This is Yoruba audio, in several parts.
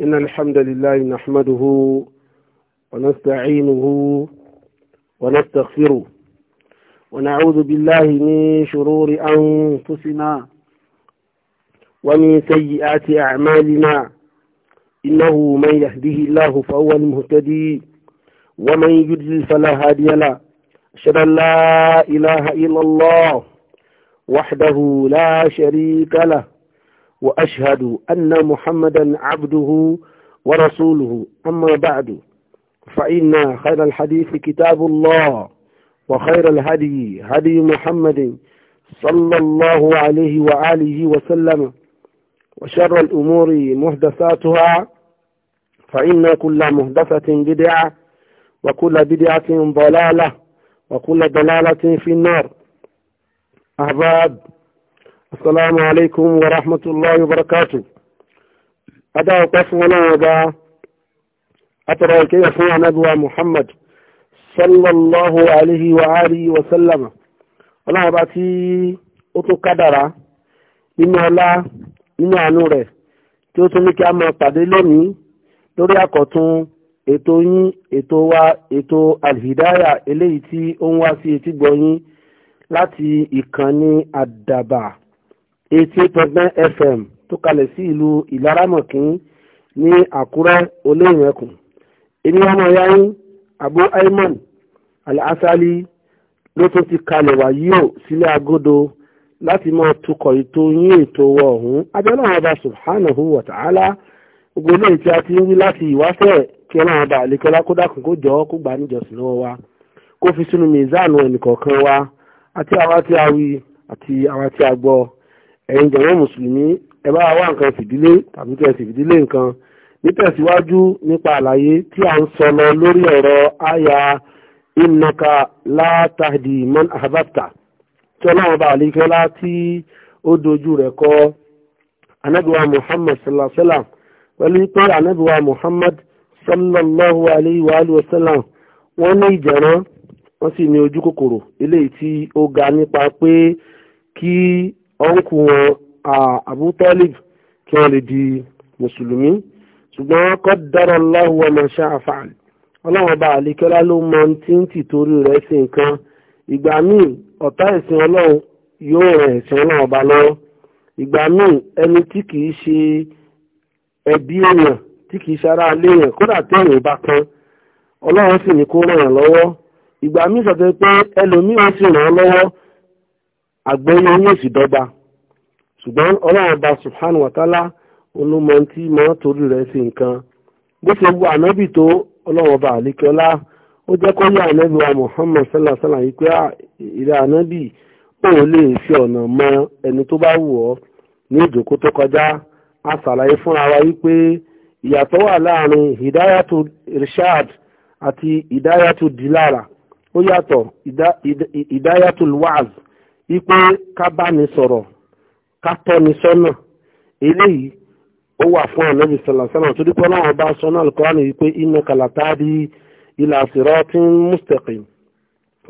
إن الحمد لله نحمده ونستعينه ونستغفره ونعوذ بالله من شرور أنفسنا ومن سيئات أعمالنا إنه من يهده الله فهو المهتدي ومن يضلل فلا هادي له أشهد أن لا إله إلا الله وحده لا شريك له وأشهد أن محمدا عبده ورسوله أما بعد فإن خير الحديث كتاب الله وخير الهدي هدي محمد صلى الله عليه وآله وسلم وشر الأمور محدثاتها فإن كل محدثة بدعة وكل بدعة ضلالة وكل ضلالة في النار أحباب asalaamu alaykum wa rahmatulahi wa barakatu adáwọ̀ pẹ́ fún wọn náà bá atọ̀rọ̀ ìkéyà fún muhammad sallallahu alayhi wa alihi wa sallama ọlọ́run bá tí ó tún kádàrá nínú ọlá nínú àánú rẹ̀ tí ó tún a maa pàdé lónìí lórí àkọ́tún ètò yín ètò wa ètò alhidaya eléyìí tí ó ń wá sí etí gbọ̀nyín láti ìkànnì àdàbà eighty eight point nine fm tó kalẹ̀ sí ìlú ìlaramọ̀kín ní àkúrẹ́ olóyìn ẹkùn èmi ọmọ ìyá abu Aiman alasali, asali ló tún ti kalẹ̀ wá yíò sílẹ̀ agodo láti máa tukọ̀ ètò yín ètò wọ ọ̀hún abẹ́lẹ́ àwọn ọba subhanahu wa ta'ala gbogbo eléyìí tí a ti ń wí láti ìwáfẹ́ kí ọlọ́run ọba àlekọ́lá kó dákun kó jọ kó gbà níjọsìn lọ́wọ́ wa kó fi sínú mizanu ẹnìkọ̀ọ̀kan wa àti àwa tí a wí àti àwa tí a gbọ́ ẹ̀yin jọ̀wọ́ mùsùlùmí ẹ bá wá nǹkan fìdílé tàbí kẹ́ fìdílé nǹkan nítẹ̀síwájú nípa àlàyé tí a ń sọ lọ lórí ọ̀rọ̀ àyà ìnaka látàdí man ahbabta tí ọlọ́run bá àlékẹ́lá tí ó dojú rẹ̀ kọ anábìwá muhammad sallallahu alayhi wa sallam pẹ̀lú pé anábìwá muhammad sallallahu alayhi wa sallam wọ́n ní ìjẹ̀rán wọ́n sì ní ojú kòkòrò eléyìí tí ó ga nípa pé kí ọ̀nkù wọn Abu Talib kí wọ́n lè di mùsùlùmí ṣùgbọ́n qaddara Allahu wa ma sha'a fa'al ọlọ́run ọba àlekẹ́lá ló mọ tí ń tì torí rẹ̀ sí nǹkan ìgbà míì ọ̀tá ẹ̀sìn ọlọ́run yóò ràn ẹ̀sìn ọlọ́run ọba lọ́wọ́ ìgbà míì ẹni tí kìí ṣe ẹbí èèyàn tí kìí ṣara alé èèyàn kódà tẹ̀yìn bá kan ọlọ́run sì ní kó ràn án lọ́wọ́ ìgbà míì sọ̀tẹ́ pé ẹlòmíràn sì ràn án lọ́wọ́ àgbọ́yé yóò sì dọ́gba ṣùgbọ́n ọlọ́run ọba subhanahu wa ta'ala olómọ tí mọ́ torí rẹ̀ sí nǹkan bó ṣe wu ànábì tó ọlọ́run ọba àlékiọlá ó jẹ́ kó yá ànábì wa muhammad sallallahu alaihi wasallam yìí pé ah, ìrẹ́ ànábì ó lè fi ọ̀nà mọ ẹni tó bá wù ọ́ ní ìjókòó tó kọjá a ṣàlàyé fúnra wa wípé ìyàtọ̀ wà láàrin hidayatu irshad àti hidayatu dilara ó yàtọ̀ hidayatu wa'az wípé ká bá ní sọ̀rọ̀ ká tọ́ ní sọ́nà eléyìí ó wà fún ànábì sàlàsánà tó dípọ́ náà bá sọ́nà alukọ́ránì wípé iná kàlàtà di ilà siratin mustaqim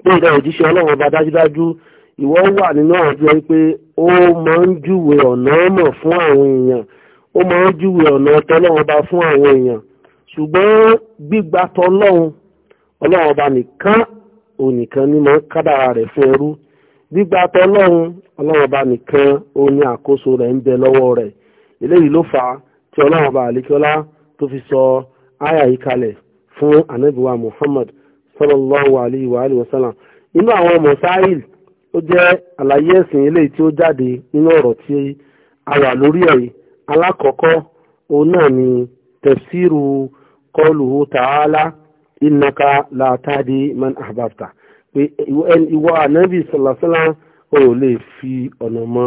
pé ìdá òjíṣẹ́ ọlọ́run ọba dájúdájú ìwọ wà nínú àjọ wípé ó máa ń júwe ọ̀nà ọmọ fún àwọn èèyàn ó máa ń júwe ọ̀nà tọ́lọ́run ọba fún àwọn èèyàn ṣùgbọ́n gbígba ọlọ́run ọba nìkan òun ni máa ń kádàrà rẹ̀ fún ẹrú gbígba tọlọ́run ọlọ́run nìkan ó ní àkóso rẹ̀ ń bẹ lọ́wọ́ rẹ̀ eléyìí ló fà á tí ọba tó fi sọ àyà yìí kalẹ̀ fún muhammad sallallahu alayhi wa alayhi wa sallam inú àwọn mọ̀sáìl ó jẹ́ àlàyé ẹ̀sìn eléyìí tí ó jáde nínú ọ̀rọ̀ tí a wà lórí ẹ̀ ni tààlà la man pé ìwọ ànábì sọ̀làsọ́lá ò lè fi ọ̀nà mọ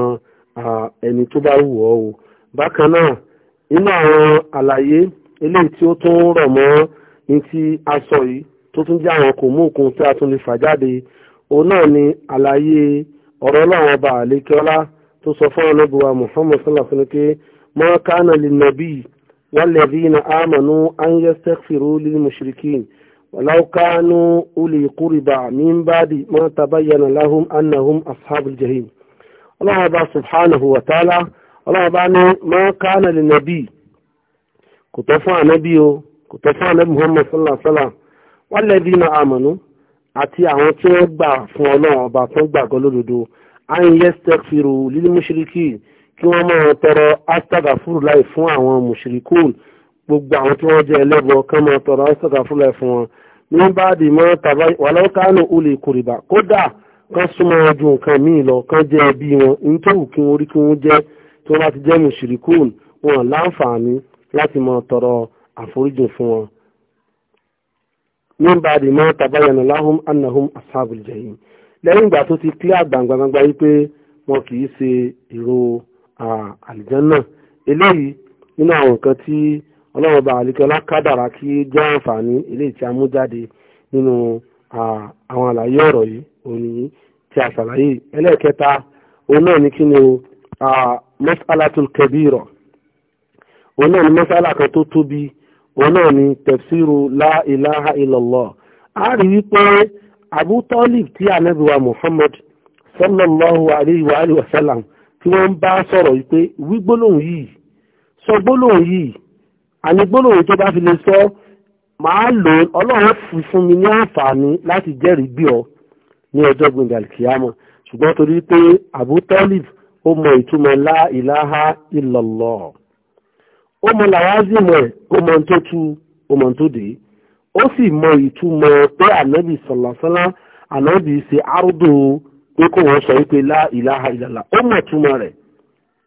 ẹni tó bá wù ọ́ o bákan náà nínú àwọn àlàyé eléyìí tí ó tún rọ̀ mọ́ ní ti aṣọ yìí tó tún jẹ́ àwọn kò mú nǹkan tí a tún lè fà jáde òun náà ni àlàyé ọ̀rọ̀ ọlọ́run ọba àlékẹ́ọ́lá tó sọ fún ọlọ́bùwà Muhammad sallallahu alaihi wasallam pé ma kana lin nabi wal ladhina amanu an yastaghfiru lil mushrikin ولو كانوا أولي قربى من بعد ما تبين لهم أنهم أصحاب الجحيم الله أبا سبحانه وتعالى الله أبا ما كان للنبي كتفى نبيه كتفى نبي محمد صلى الله عليه وسلم والذين آمنوا àti àwọn tí wọ́n gbà fún ọlọ́run ọba tó ń lódodo ayin yastaghfiru lil kí wọ́n máa tọrọ fún àwọn gbogbo àwọn tí wọ́n jẹ́ ẹlẹ́bọ kán máa tọrọ àìsàkà fúnlẹ̀ fún wọn ní báàdì mọ́ tàbá wàlọ́ kánú olè kùrìbà kódà kán súnmọ́ ju nǹkan míì lọ kán jẹ́ ẹbí wọn nítorí kí wọ́n rí kí wọ́n jẹ́ tí wọ́n bá ti jẹ́ mùṣìríkùn wọn láǹfààní láti máa tọrọ àforíjì fún wọn. ní báàdì mọ́ tàbá yànnà láhùn anahum asábùl eléyìí nínú àwọn nǹkan tí ọlọ́run bá àlìkọ́lá kádàrá kí jẹ́ àǹfààní eléyìí tí a mú jáde nínú àwọn àlàyé ọ̀rọ̀ yìí òní tí a ṣàlàyé ẹlẹ́ẹ̀kẹta òun náà ní kí ni masalatul kabira òun náà ni masala kan tó tóbi òun náà ni tafsiru la ilaha illallah a rí wípé abu talib tí anabiwa muhammad sallallahu alayhi wa sallam tí wọ́n ń bá sọ̀rọ̀ wípé wí gbólóhùn yìí sọ gbólóhùn yìí ànígbónòwò tó bá fi lè sọ màá lò ọlọ́run fi fún mi ní àǹfààní láti jẹ́rìí bí ọ ní ọjọ́ gbòǹdà kìámọ̀ ṣùgbọ́n torí pé Abu Talib ó mọ ìtumọ̀ la ilaha illallah ó mọ làwázìmọ̀ ẹ̀ ó mọ tó tu ó mọ tó dé ó sì mọ ìtumọ̀ pé ànábì sọ̀làsọ́lá ànábì ṣe àrùdò pé kò wọ́n sọ wípé la ilaha illallah ó mọ ìtumọ̀ rẹ̀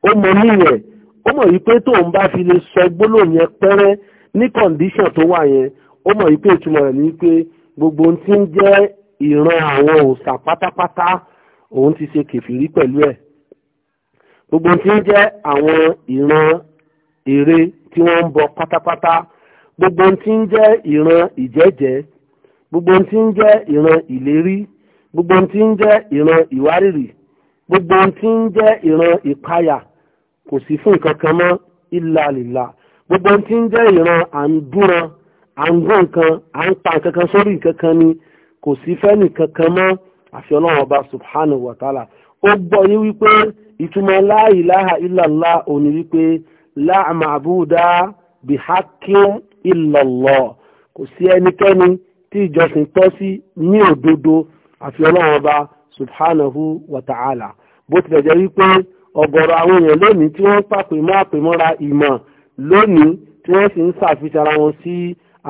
ó mọ níyẹn ó mọ̀ yìí pé tóun bá fi lè sọ gbólóhùn yẹn pẹ́rẹ́ ní kọ̀ǹdíṣàn tó wà yẹn ó mọ̀ yìí ìtumọ̀ rẹ̀ ni pé gbogbo ohun tí ń jẹ́ ìran àwọn òòṣà pátápátá òun ti ṣe kẹfìrí pẹ̀lú ẹ̀ gbogbo ohun tí ń jẹ́ àwọn ìran ère tí wọ́n ń bọ pátápátá gbogbo ohun tí ń jẹ́ ìran ìjẹ́jẹ́ gbogbo ohun tí ń jẹ́ ìran ìlérí gbogbo ohun tí ń jẹ́ ìran ìwárìrì gbogbo ohun tí ń jẹ́ ìran ìpayà kò sí fún nǹkan kan mọ́ illa lillah gbogbo ohun tí ń jẹ́ ìran à ń dúran à ń gbọ́ nǹkan à ń pa nǹkan kan sórí nǹkan kan ni kò sí fẹ́ni kankan mọ́ àfi ọlọ́run ọba subhanahu wa ta'ala ó gbọ́ yín wípé ìtumọ̀ la ilaha òní wípé la ma'buda bihaqqin illallah kò sí ẹnikẹ́ni tí ìjọsìn tọ́ sí ní òdodo àfi ọlọ́run ọba subhanahu wa ta'ala bó tilẹ̀ jẹ́ wípé ọ̀gọ̀rọ̀ àwọn èèyàn lónìí tí wọ́n ń pàpè mọ́ àpèmọ́ra ìmọ̀ lónìí tí wọ́n sì ń ṣàfihàn ara wọn sí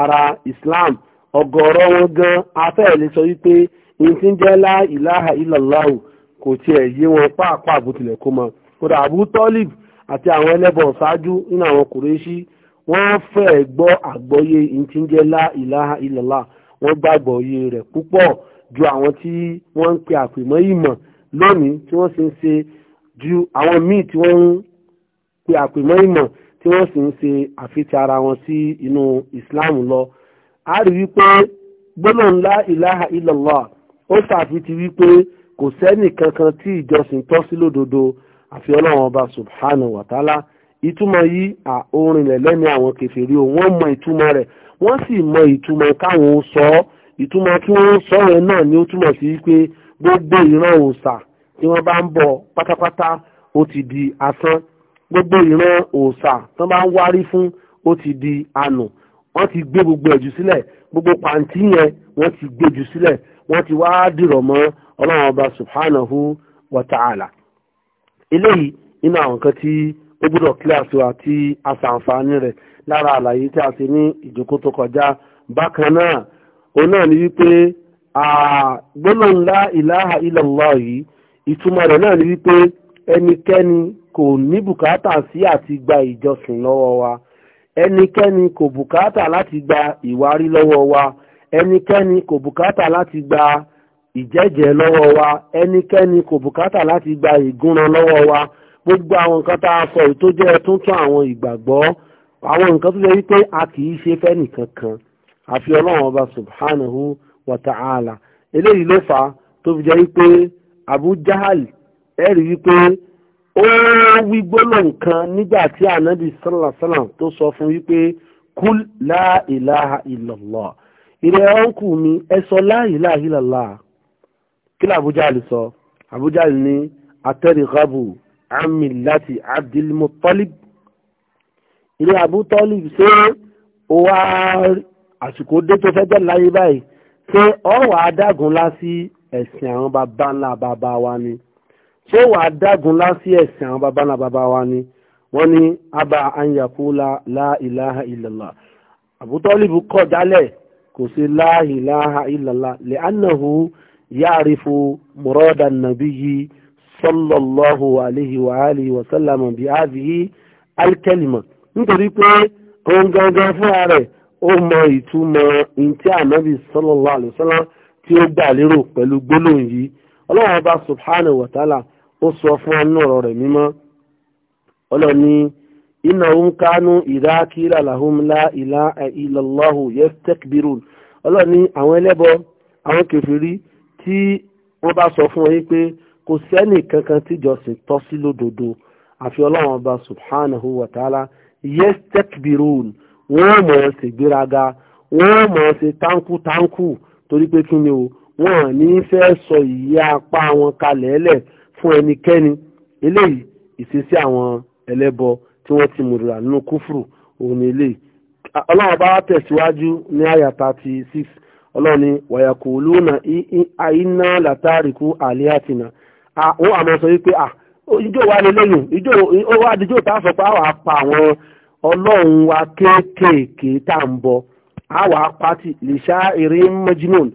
ara Islam ọ̀gọ̀rọ̀ wọn gan afẹ́ẹ̀ lè sọ wípé ìtí ń jẹ́ lá ìláhà ìlàláhù kò tiẹ̀ yé wọn pàápàá àbútilẹ̀ kó mọ kódà Abu Talib àti àwọn ẹlẹ́bọ̀n ṣáájú nínú àwọn Kùrẹ́ṣì wọ́n fẹ́ gbọ́ àgbọ́yé ìtí ń jẹ́ lá ìláhà wọ́n gbàgbọ́ ju àwọn míì tí wọ́n ń pe àpèmọ́ ìmọ̀ tí wọ́n sì ń ṣe àfitì ara wọn sí inú Islam lọ a rí wípé gbólóhùn la ilaha illallah ó ṣàfitì wípé kò sẹ́nì kankan tí ìjọsìn tọ́ sí lódodo àfi ọlọ́run ọba subhanahu wa ta'ala ìtumọ̀ yìí à orin rẹ̀ lẹ́nu àwọn kèfèrí o wọ́n mọ ìtumọ̀ rẹ̀ wọ́n sì mọ ìtumọ̀ káwọn sọ ìtumọ̀ kí wọ́n sọ rẹ̀ náà ni ó túmọ̀ sí pé gbogbo ìran òòṣà tí wọ́n bá ń bọ̀ pátápátá ó ti di asán gbogbo ìran òòṣà tán bá ń wárí fún ó ti di ànù wọ́n ti gbé gbogbo ẹ̀jú sílẹ̀ gbogbo pàǹtí yẹn wọ́n ti gbé jù sílẹ̀ wọ́n ti wá dìrọ̀ mọ́ ọlọ́run ọba subhanahu wa ta'ala eléyìí nínú àwọn nǹkan tí ó gbọ́dọ̀ kíláàsì wa tí a ṣàǹfààní rẹ̀ lára àlàyé tí a ṣe ní ìjókòó tó kọjá bákan náà òun náà ni wípé gbólóhùn la ilaha illallah yìí ìtumọ̀ rẹ̀ náà ni wípé ẹnikẹ́ni kò ní bùkátà sí àti gba ìjọsìn lọ́wọ́ wa ẹnikẹ́ni kò bùkátà láti gba ìwárí lọ́wọ́ wa ẹnikẹ́ni kò bùkátà láti gba ìjẹ́jẹ́ lọ́wọ́ wa ẹnikẹ́ni kò bùkátà láti gba ìgúnran lọ́wọ́ wa gbogbo àwọn nǹkan tá a sọ yìí tó jẹ́ tuntun àwọn ìgbàgbọ́ àwọn nǹkan tó jẹ́ wípé a kì í ṣe fẹ́nì kankan àfi ọlọ́run ọba subhanahu wa ta'ala eléyìí ló fà á tó fi jẹ́ wípé abu jahal ẹ rí i pé ó wí gbólóhùn kan nígbà tí anabi sallallahu alaihi wasallam tó sọ fún wípé kul la ilaha illallah ìrẹ̀ ọ̀nkù mi ẹ sọ la ilaha illallah kí ló abu jahal sọ abu jahal ní atẹ́rìgábù àmì láti abdul muttalib ilé ṣé ó wá àsìkò dé tó fẹ́ bẹ́ẹ̀ láyé báyìí ṣé ọ̀wà adágúnlá sí ẹ̀sìn àwọn bàbá ńlá bàbá wa ni ṣé wàá dágun lásì ẹ̀sìn àwọn bàbá ńlá bàbá wa ni wọ́n ní abba anyakula láìláha ìlàlá Abu kọ̀ jálẹ̀ kò sí láìláha ìlàlá lè ánàhù yáàrífu mùrọ́dà nàbíyí sọlọ́lọ́hù àlehi wàhálì wàsálàmù bí áàbíyí alkẹ́lìmọ̀ nítorí pé òun gangan fúnra rẹ̀ ó mọ ìtumọ̀ ànábì sọlọ́lọ́ àlùsọ́lá tí ó gbà lérò pẹ̀lú gbólóhùn yìí ọlọ́run ọba subhanahu wa ta'ala ó sọ fún ọnú ọ̀rọ̀ rẹ̀ mímọ́ ọlọ́ni innahum kanu idha qila lahum la ilaha illallahu yastakbirun ọlọ́ni àwọn ẹlẹ́bọ àwọn kèfèrí tí wọ́n bá sọ fún yín pé kò sẹ́nì kankan tíjọsìn tọ́ sí lódodo àfi ọlọ́run ọba subhanahu wa ta'ala yastakbirun wọ́n mọ̀ ọ́ ṣègbéraga wọ́n mọ̀ ọ́ ṣe táǹkù táǹkù torí pé kí ni o wọn ní fẹ́ sọ ìyá apá wọn kalẹ̀ ẹlẹ̀ fún ẹnikẹ́ni eléyìí ìṣesí àwọn ẹlẹ́bọ tí wọ́n ti mùdùrà nínú kúfùrù òun ni eléyìí ọlọ́run bá tẹ̀síwájú ní àyà thirty six ọlọ́run ni wàyàkù lónà àyínà látàríkù àlíàtìnà àwọn àmọ́ sọ wípé à ijó wa ni lẹ́yìn ijó wa dijó tá a sọ pé àwọn apá àwọn ọlọ́run wa kéékèèké tá à ń bọ̀ àwà pati lè ṣá eré mọ́jínún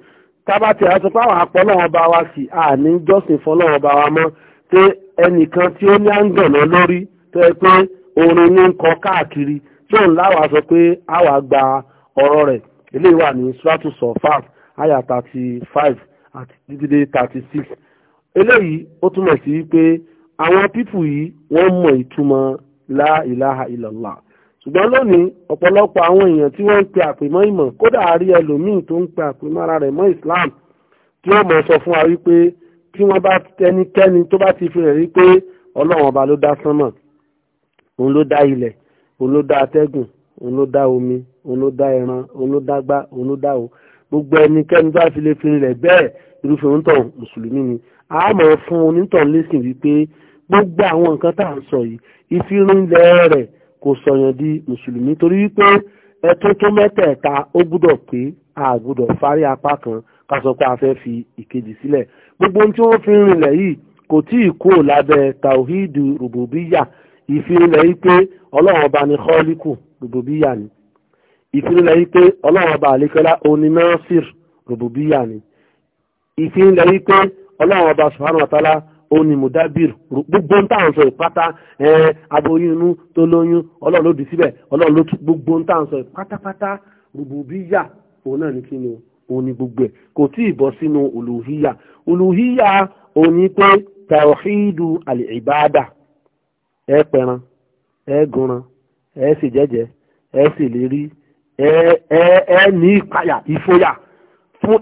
tábà tí a sọ pé àwọn apọ́lọ́wọ́ bá wa sí àní jọ́sìn fọ́lọ́wọ́ bá wa mọ́ pé ẹnìkan tí ó ní àǹgànà lórí tó yẹ pé orin ní ń kọ káàkiri tí òun láwàá sọ pé àwà gba ọ̀rọ̀ rẹ̀ eléyìí wà ní stratus of five aya thirty five àti títí dé thirty six eléyìí ó túmọ̀ sí pé àwọn pípù yìí wọ́n mọ̀ ìtumọ̀ la ilaha illallah ṣùgbọ́n lónìí ọ̀pọ̀lọpọ̀ àwọn èèyàn tí wọ́n ń pe àpèmọ́ ìmọ̀ kódà a ẹlòmíín tó ń pe àpèmọ́ ara rẹ̀ mọ́ Islam tí wọ́n mọ̀ sọ fún wa wípé tí wọ́n bá ẹnikẹ́ni tó bá ti fi rẹ̀ rí pé ọlọ́run ọba ló dá sánmọ̀ òun ló dá ilẹ̀ òun ló dá atẹ́gùn òun ló dá omi òun ló dá ẹran òun ló dá gbá òun ló dá o gbogbo ẹnikẹ́ni tó bá fi lè fi rinlẹ̀ bẹ́ẹ̀ irúfẹ́ onítàn mùsùlùmí ni a mọ̀ fún onítàn lẹ́sìn wípé gbogbo àwọn nǹkan tá à ń sọ yìí ìfirinlẹ̀ rẹ̀ kò sọyàn di mùsùlùmí torí wípé ẹtún tó mẹ́tẹ̀ẹ̀ta ó gbúdọ̀ pé a gbúdọ̀ fárí apá kan ká sọ pé a fẹ́ fi ìkejì sílẹ̀ gbogbo ohun tí wọ́n fi ń rinlẹ̀ yìí kò tí ì kúrò lábẹ́ tàwíìdù rùbùbíyà ìfinilẹ̀ yìí pé ọlọ́run ọba ni khaliqu rùbùbíyà ni ìfinilẹ̀ yìí pé ọlọ́run ọba àlékọ́lá onínáṣir rùbùbíyà ni ìfinilẹ̀ yìí pé ọlọ́run ọba subhanahu wa òun mudabir gbogbo ń tàn sọ ìpátá aboyún inú tó lóyún ọlọ́run ló dì síbẹ̀ ọlọ́run ló gbogbo ń tàn sọ ìpátápátá rùbùbíyà òun náà ní kí ni gbogbo ẹ̀ kò tí ì bọ́ sínú olùhíyà olùhíyà òun ni pé tàwọ̀hídù àlìbáàdà ẹ pẹran ẹ gunran ẹ sì jẹ́jẹ́ ẹ sì lérí ẹ ẹ ní ìpayà ìfòyà fún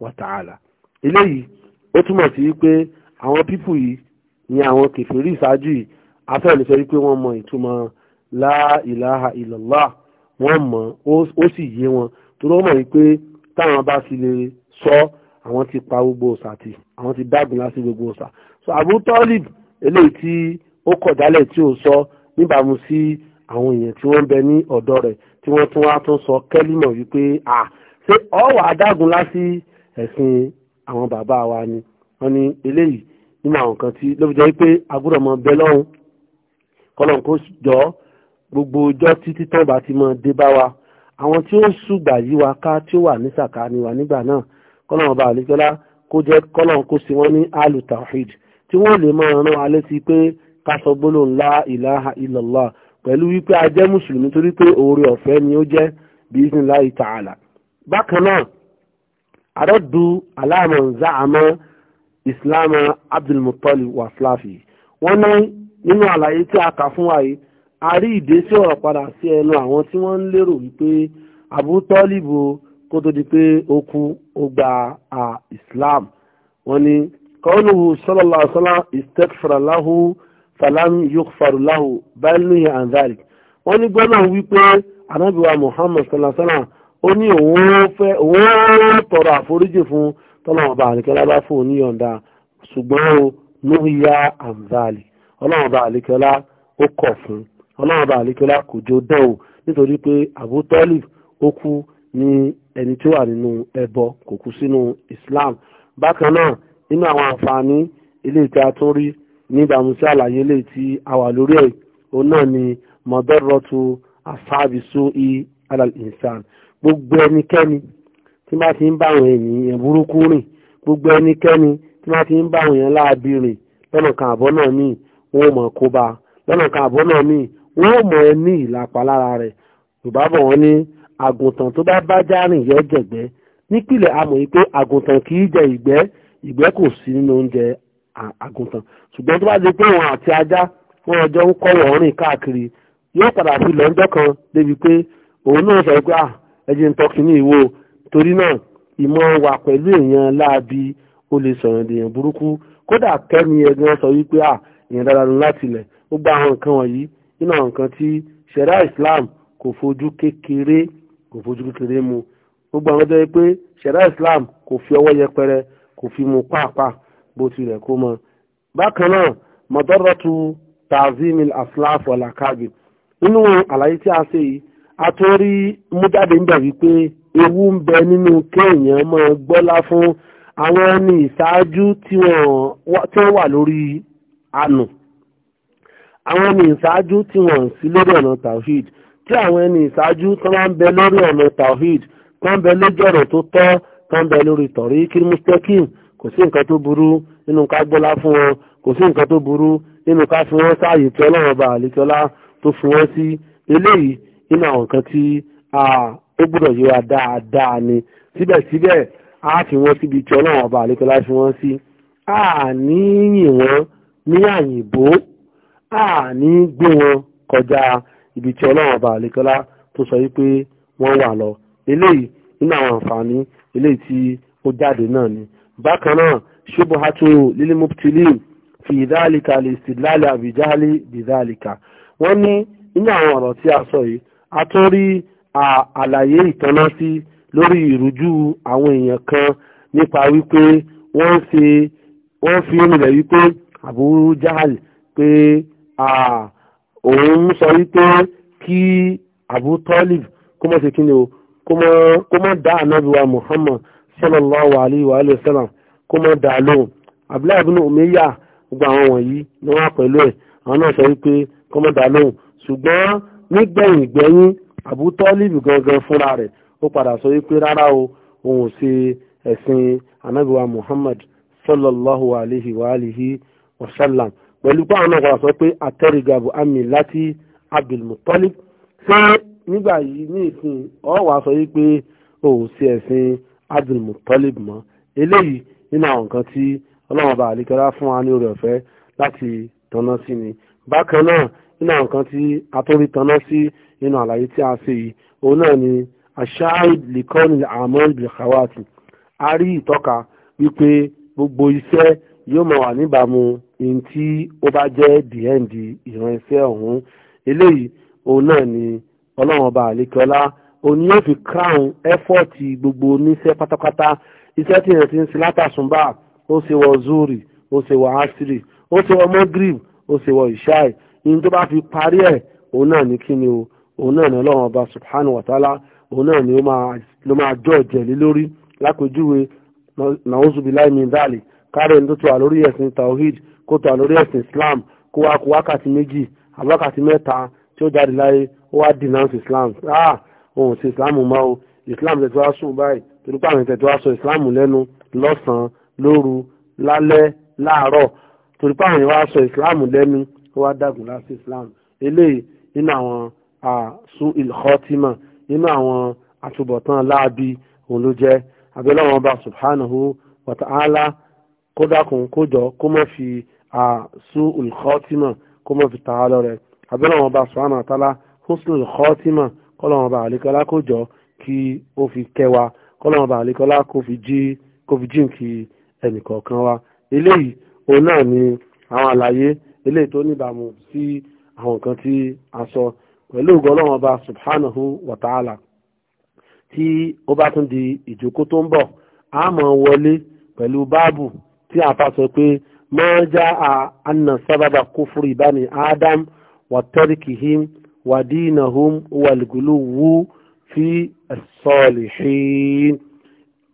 wa ta'ala eléyìí ó túmọ̀ sí wípé àwọn pípù yìí ni àwọn kèfèrí ìṣáájú yìí afẹ́lẹ́ sọ wípé wọ́n mọ ìtumọ̀ la ilaha illallah wọ́n mọ̀ ó sì yé wọn torí wọ́n mọ̀ wípé táwọn bá fi lè sọ àwọn ti pa gbogbo òòṣà tì àwọn ti dágun láti gbogbo òòṣà so Abu Talib eléyìí tí ó kọ̀ dálẹ̀ tí ó sọ níbàámu sí àwọn èèyàn tí wọ́n ń bẹ ní ọ̀dọ̀ rẹ̀ tí wọ́n tún wá tún sọ kẹ́límọ̀ wípé à ṣé ọ̀wà adágunlá sí ẹ̀sìn àwọn bàbá wa ni wọ́n ní eléyìí nínú àwọn kan tí ló fi jẹ́ pé agbúrọ̀ mọ bẹ lọ́hùn kọ́lọ́n kó jọ gbogbo ọjọ́ tí títàn ti mọ dé bá wa àwọn tí ó ṣùgbà yí wa ká tí ó wà ní sàkáání wa nígbà náà kọ́lọ́n ọba àlejòlá kó jẹ́ kọ́lọ́n kó sí wọ́n ní alu tawhid tí wọ́n lè máa rán wa létí pé ká sọ gbólóhùn la ilaha illallah pẹ̀lú wípé a jẹ́ mùsùlùmí torí pé oore ọ̀fẹ́ ni ó jẹ́ bí ìsìn láì tààlà bákan náà àrọ́dù aláàmọ̀ nzáàmọ́ islam abdulmutali wà fúláfì wọ́n ní nínú àlàyé tí a kà fún wa yìí a rí ìdésí ọ̀rọ̀ padà sí ẹnu àwọn tí wọ́n ń lérò wípé abútọ́lìbò kó tó di pé ó kú ó gba a islam wọ́n ní kọ́ọ̀lùhù sọ́lọ́lá sọ́lá ìstẹ́kfàláhù falam yókfàrúláhù báyìí lóye anzari wọ́n ní gbọ́dọ̀ wípé anábìwá muhammad sọ́lá sọ́lá ó ní òun ó fẹ́ òun ó tọrọ àforíjì fún tọ́lọ́wọ́n bá àlìkẹ́lá bá fún òní yọ̀ǹda ṣùgbọ́n ó lóhìyá àǹzálì ọlọ́wọ́n bá àlìkẹ́lá ó kọ̀ fún ọlọ́wọ́n bá àlìkẹ́lá kò jó dán o nítorí pé Abu ó kú ní ẹni tí ó wà nínú ẹbọ kò kú sínú Islam bákan náà nínú àwọn àǹfààní ilé tí a tún rí níbàámu sí àlàyé ilé tí a wà lórí ẹ̀ òun náà ni mọ̀dọ́rọ̀tù àfáàbìsú i alal insan gbogbo ẹnikẹ́ni tí má ti ń bá àwọn ènìyàn burúkú rìn gbogbo ẹnikẹ́ni tí má ti ń bá àwọn èèyàn láabi rìn lọ́nà kan àbọ̀ náà míì wọn ò mọ̀ kó bá lọ́nà kan àbọ̀ náà míì wọn ò mọ̀ ẹ ní ìlàpá lára rẹ̀ yorùbá bọ̀ wọ́n ní àgùntàn tó bá bá járìn yọ jẹ̀gbẹ́ nípìnlẹ̀ amọ̀ yìí pé àgùntàn kì í jẹ ìgbẹ́ ìgbẹ́ kò sí nínú oúnjẹ àgùntàn ṣùgbọ́n tó bá di pé wọn àti ajá fún ọjọ́ ń kọ́ wọ́n rìn káàkiri yóò padà fi lọ́jọ́ kan débi pé òun náà sọ pé ah ẹjẹ́ ń tọ́kì ní ìwo torí náà ìmọ̀ wà pẹ̀lú èèyàn láabi ó lè sọ̀rọ̀ èèyàn burúkú kódà kẹ́ni ẹgbẹ́ sọ wípé à èèyàn dára lọ láti ilẹ̀ ó gba àwọn nǹkan wọ̀nyí nínú àwọn nǹkan tí ṣẹ̀dá Islam kò fojú kékeré kò fojú kékeré mu gbogbo àwọn ọjọ́ pé ṣẹ̀dá Islam kò fi ọwọ́ yẹpẹrẹ kò fi mu pàápàá bó tilẹ̀ kó mọ. bákan náà mọ̀tọ́rọ̀tù tazimil aslaf ọ̀làkàgbè nínú àlàyé tí a ṣe yìí àtúrí mújáde ń bẹ̀ wípé ewu ń bẹ nínú kéèyàn máa gbọ́lá fún àwọn ẹni ìṣáájú tí wọ́n wà lórí àánú àwọn ẹni ìṣáájú tí wọ́n sí lórí ọ̀nà tawhid tí àwọn ẹni ìṣáájú tó máa ń bẹ lórí ọ̀nà tawhid tó ń bẹ lójú ọ̀nà tó tọ́ tó ń bẹ lórí tọ̀rí kírímùsítẹ́kìm kò sí nǹkan tó burú nínú ká gbọ́lá fún wọn kò sí nǹkan tó burú nínú ká fi wọ́n sáàyè tí ọlọ́run ọba àlekọ́lá tó fi wọ́n sí eléyìí nínú àwọn nǹkan tí ó gbọ́dọ̀ yé wa dáadáa ni síbẹ̀síbẹ̀ a fi wọ́n síbi tí ọlọ́run ọba àlékọ́lá fi wọ́n sí àní yìn wọ́n ní àyìnbó àní gbé wọn kọjá ibi tí ọlọ́run ọba àlékọ́lá tó sọ wípé wọ́n wà lọ eléyìí nínú àwọn àǹfààní eléyìí tí ó jáde náà ni bákan náà ṣubuhatu lilimubtili fi ìdálìkà lè sì lálẹ́ àbíjálì bìdálìkà wọ́n ní nínú àwọn ọ̀rọ̀ tí a sọ yìí a tún rí àlàyé ìtọ́ná sí lórí ìrújú àwọn èèyàn kan nípa wípé wọ́n ṣe wọ́n fi wípé Abu Jahal pé òun sọ wípé kí Abu Talib kó mọ̀ sí kí ni o kó mọ̀ dá ànábìwá Muhammad sallallahu alayhi wa sallam kó mọ̀ dá lóhùn Abdullahi ibn Umayya gbogbo àwọn wọ̀nyí ni wọ́n pẹ̀lú ẹ̀ àwọn náà sọ wípé kó mọ̀ dá lóhùn ṣùgbọ́n nígbẹ̀yìn gbẹ̀yìn Abu Talib gangan fúnra rẹ̀ ó padà sọ wípé rárá o òun ò ṣe ẹ̀sìn anábìwá Muhammad sallallahu alayhi wa alihi wa sallam pẹ̀lú pé àwọn ọkọ̀ sọ pé atẹ́rìgàbù àmì láti Abdul Muttalib ṣé nígbà yìí ní ìsìn ọ wà sọ wípé o ò ṣe ẹ̀sìn Abdul Muttalib mọ́ eléyìí nínú àwọn nǹkan tí ọlọ́run ọba àlekẹ́lá fún wa ní orí ọ̀fẹ́ láti tanná sí ni bákan náà nínú àwọn kan tí a tó rí taná sí nínú àlàyé tí a ṣe yìí òun náà ni ashaid likoni amol bilkhawati a rí ìtọ́ka wípé gbogbo iṣẹ́ yóò máa wà níbàámu ní tí ó bá jẹ́ the end ìran iṣẹ́ ọ̀hún eléyìí òun náà ni ọlọ́run ọba àlékọ́lá òní yóò fi crown effort gbogbo oníṣẹ́ pátápátá iṣẹ́ tí yẹn ti ń ṣe látàsùnbà ó ṣe wọ zuri ó ṣe wọ asiri ó ṣe wọ mogrib ó ṣe wọ ìṣáì ní tó bá fi parí ẹ̀ òun náà ní kíni o òun náà ní ọlọ́run ọba subhanahu wa ta'ala òun náà ni ló máa jọ ìjẹ̀lé lórí lápèjúwe nàózùbíláì min dálì kárẹ̀ ní tó tó wà lórí ẹ̀sìn tawhid kó tó lórí ẹ̀sìn islam kó wá kó wákàtí méjì àbákàtí mẹ́ta tí ó jáde láyé ó wá denounce islam ah òun sí islam mọ́ o islam tẹ̀tí wá sùn báyìí torí pé tẹ̀tí wá sọ islam lẹ́nu lọ́sàn-án lóru lálẹ́ láàárọ̀ torí pé àwọn wá sọ islam lẹ́nu kó wá dàgùn láti islam eléyìí nínú àwọn àṣù ìlọ́tìmọ̀ nínú àwọn àtúbọ̀tán láabi òun ló jẹ́ abẹ́lẹ́ wọn bá subhanahu wa ta'ala kó dákun kó jọ fi àṣù ìlọ́tìmọ̀ kó má fi tàá lọ́rẹ abẹ́lẹ́ wọn bá subhanahu wa ta'ala husnu ìlọ́tìmọ̀ kọ́lọ́wọ́n bá àlékọ́lá kó jọ kí ó fi kẹwa kọ́lọ́wọ́n bá àlékọ́lá kó fi jí kó fi jíǹkì ẹnìkọ̀ọ̀kan eléyìí òun náà ni àwọn àlàyé eléyìí tó níbàámu sí àwọn nǹkan tí a sọ pẹ̀lú ògo Ọlọ́run ọba subhanahu wa ta'ala tí ó bá tún di ìjókòó tó ń bọ̀ a máa wọlé pẹ̀lú báàbù tí a fa sọ pé máa já a anna sábàbà kufri bani adam wa tarikihim wa dinahum wàlgùlù wú fi as-salihin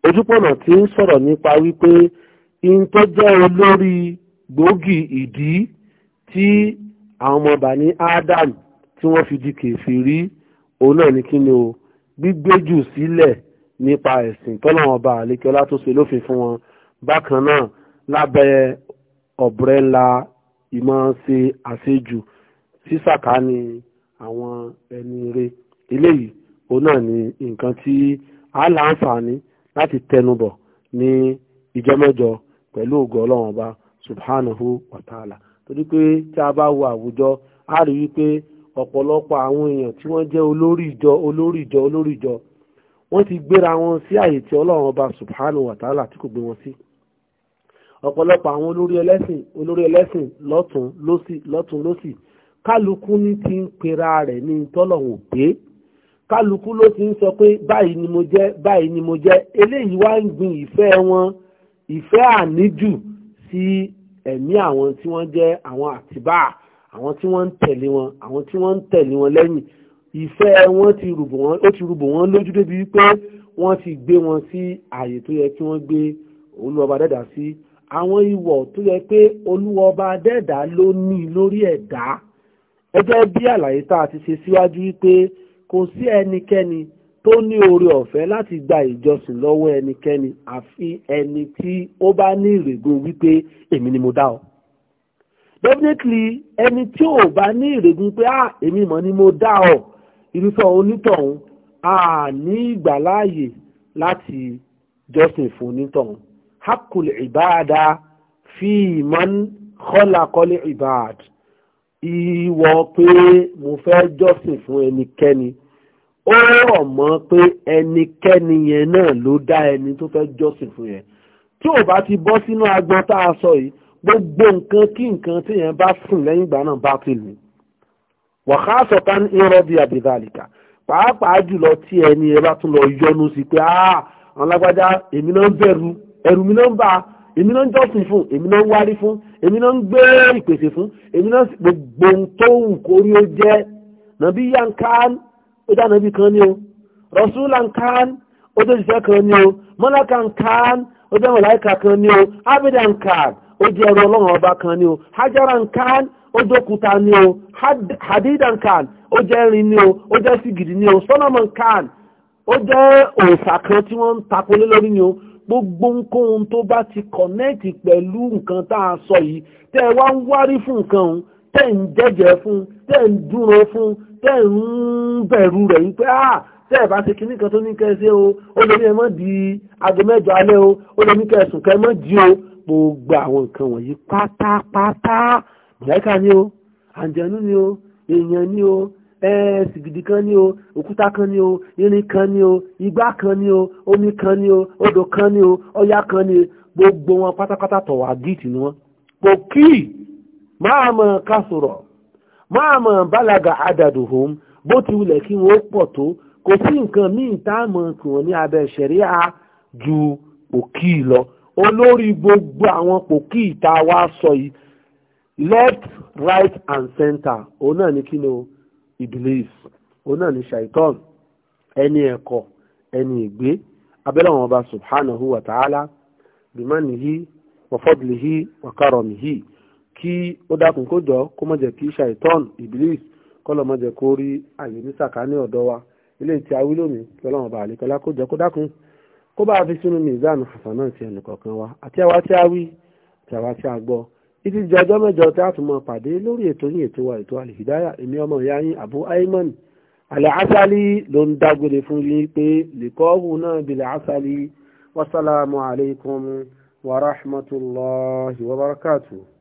ojúpọ̀nà tí ń sọ̀rọ̀ nípa wípé in olórí gbòógì ìdí tí àwọn ọmọ bani Adam tí wọ́n fi di kèfèrí òun náà ní kí ni o gbígbé jù sílẹ̀ nípa ẹ̀sìn tọ́lọ́wọ́n ọba àlékẹ́lá tó ṣe lófin fún wọn bákan náà lábẹ́ ọ̀bùrẹ́ ńlá ìmọ̀ ṣe àṣejù sísàkà ni àwọn ẹni rẹ̀ eléyìí òun náà ni nǹkan tí a láǹfààní láti tẹnubọ̀ ní ìjọ́mẹ́jọ pẹ̀lú ògo ọlọ́run ọba subhanahu wa ta'ala torí pé tí a bá wo àwùjọ a rí wípé ọ̀pọ̀lọpọ̀ àwọn èèyàn tí wọ́n jẹ́ olórí ìjọ olórí ìjọ olórí ìjọ wọ́n ti gbéra wọn sí àyè tí ọlọ́run ọba subhanahu wa ta'ala tí kò gbé wọn sí ọ̀pọ̀lọpọ̀ àwọn olórí ẹlẹ́sìn olórí ẹlẹ́sìn lọ́tún lọ́sì lọ́tún lọ́sì kálukú ní ti ń pera rẹ̀ ní tọ́lọ̀hún pé kálukú ló ti ń sọ pé báyìí ni mo jẹ́ báyìí ni mo jẹ́ eléyìí wá ń gbin ìfẹ́ wọn ìfẹ́ àníjù sí ẹ̀mí àwọn tí wọ́n jẹ́ àwọn àtìbá àwọn tí wọ́n ń tẹ̀lé wọn àwọn tí wọ́n ń tẹ̀lé wọn lẹ́yìn ìfẹ́ wọn ti rúbò wọn ó ti rúbò wọn lójú débi wípé wọ́n ti gbé wọn sí ààyè tó yẹ kí wọ́n gbé olúwọba dẹ́dà sí àwọn ìwọ̀ tó yẹ pé olúwọba dẹ́dà ló ní lórí ẹ̀dá ẹgbẹ́ bí àlàyé tá a ti ṣe síwájú wípé kò sí ẹnikẹ́ni tó ní oore ọ̀fẹ́ láti gba ìjọsìn lọ́wọ́ ẹnikẹ́ni àfi ẹni tí ó bá ní ìrègùn wípé èmi ni mo dá ọ. definitely ẹni tí ò bá ní ìrègùn pé à ah, èmi mọ̀ ni mo dá ọ irúfẹ́ onítọ̀hún a ní ìgbàláàyè láti jọ́sìn fún onítọ̀hún. hakul ibada fi man khalaqal ibad ìwọ pé mo fẹ́ jọ́sìn fún ẹnikẹ́ni ó rọ̀ mọ́ pé ẹnikẹ́ni yẹn náà ló dá ẹni tó fẹ́ jọ́sìn fún yẹn tí ò bá ti bọ́ sínú agbọn tá a sọ yìí gbogbo nǹkan kí nǹkan tí yẹn bá sùn lẹ́yìn ìgbà náà bá ti lù wàhálà sọ̀tà ní irọ́ bíi àbíbálìkà pàápàá jùlọ tí ẹni ẹ bá tún lọ yọnu sí pé ah àwọn lágbájá èmi náà ń bẹ̀rù ẹ̀rù mi náà ń bà èmi náà ń jọ́sìn fún èmi náà ń wárí fún èmi náà ń gbé ìpèsè fún èmi náà gbogbo ohun tó wù kórí ó jẹ́ nàbí yankan ó jẹ́ ànábì kan ni o rasulan kan ó kan ni o malakan kan ó jẹ́ màláíkà kan ni o abidan kan ó jẹ́ ẹrú ọlọ́run ọba kan ni o hajaran kan ó òkúta ni o hadidan kan ó jẹ́ irin ni o ó jẹ́ ni o solomon kan ó jẹ́ òòṣà kan tí wọ́n ń takolé lórí ni o gbogbo nǹkan tó bá ti kọ̀nẹ́ẹ̀tì pẹ̀lú nǹkan tá a sọ yìí tẹ́ ẹ wá ń wárí fún nǹkan òun tẹ́ ń jẹ́jẹ́ fún tẹ́ ń dúró fún tẹ́ ń bẹ̀rù rẹ̀ yìí pé ah tẹ́ ẹ̀ bá ṣe kíní kan tó ní kẹ́ o ó lè ní ẹ mọ́ di aago mẹ́jọ alẹ́ o ó lè ní kẹ́ ẹ sùn kẹ́ ẹ mọ́ jí o gbogbo àwọn nǹkan wọ̀nyí pátápátá mọ̀lẹ́kà ni o àǹjẹ̀nú ni o èèyàn ni o ẹ̀ẹ́sì gidi kan ni o òkúta kan ni o irin kan ni o igbá kan ni o omi kan ni o odò kan ni o ọya kan ni gbogbo wọn pátápátá tọ̀wá gíìtì ni wọn kò máa mọ̀ kásùrọ̀ máa mọ̀ bálaga àdàdùhùn bó ti wulẹ̀ kí wọ́n pọ̀ tó kò sí nǹkan míì tá a mọ̀ kí wọ́n ní abẹ́ ṣẹ̀ríà ju pòkì lọ olórí gbogbo àwọn pòkì tá a wá sọ yìí left right and center òun náà ní kí ni o iblis òun náà ní shaitan ẹni ẹ̀kọ́ ẹni ìgbé abẹ́lẹ́ wọn bá subhanahu wa ta'ala bimanihi wa fadlihi wa karamihi kí ó dákun kó jọ kó má jẹ́ kí ṣàìtọ́n ìbílíìs kọ́lọ̀ má jẹ́ kó rí àyè ní sàkání ọ̀dọ̀ wa ilé tí a wí lónìí kí ọlọ́run bá àlékọ́lá kó jọ kó dákun kó bá a fi sínú mizan hasan náà ti ẹnì kọ̀ọ̀kan wa àti àwa tí a wí àti àwa tí a gbọ́ títí di ọjọ́ mẹ́jọ tí a tún máa pàdé lórí ètò yín ètò wa ètò àlèhìdáyà èmi ọmọ ìyá yín àbú aiman àlẹ́ asálí ló ń dágbére fún yín pé lèkọ́ọ̀hù náà bìlẹ̀ asálí wàsálàmù alaykum wa rahmatullahi wa barakatuh.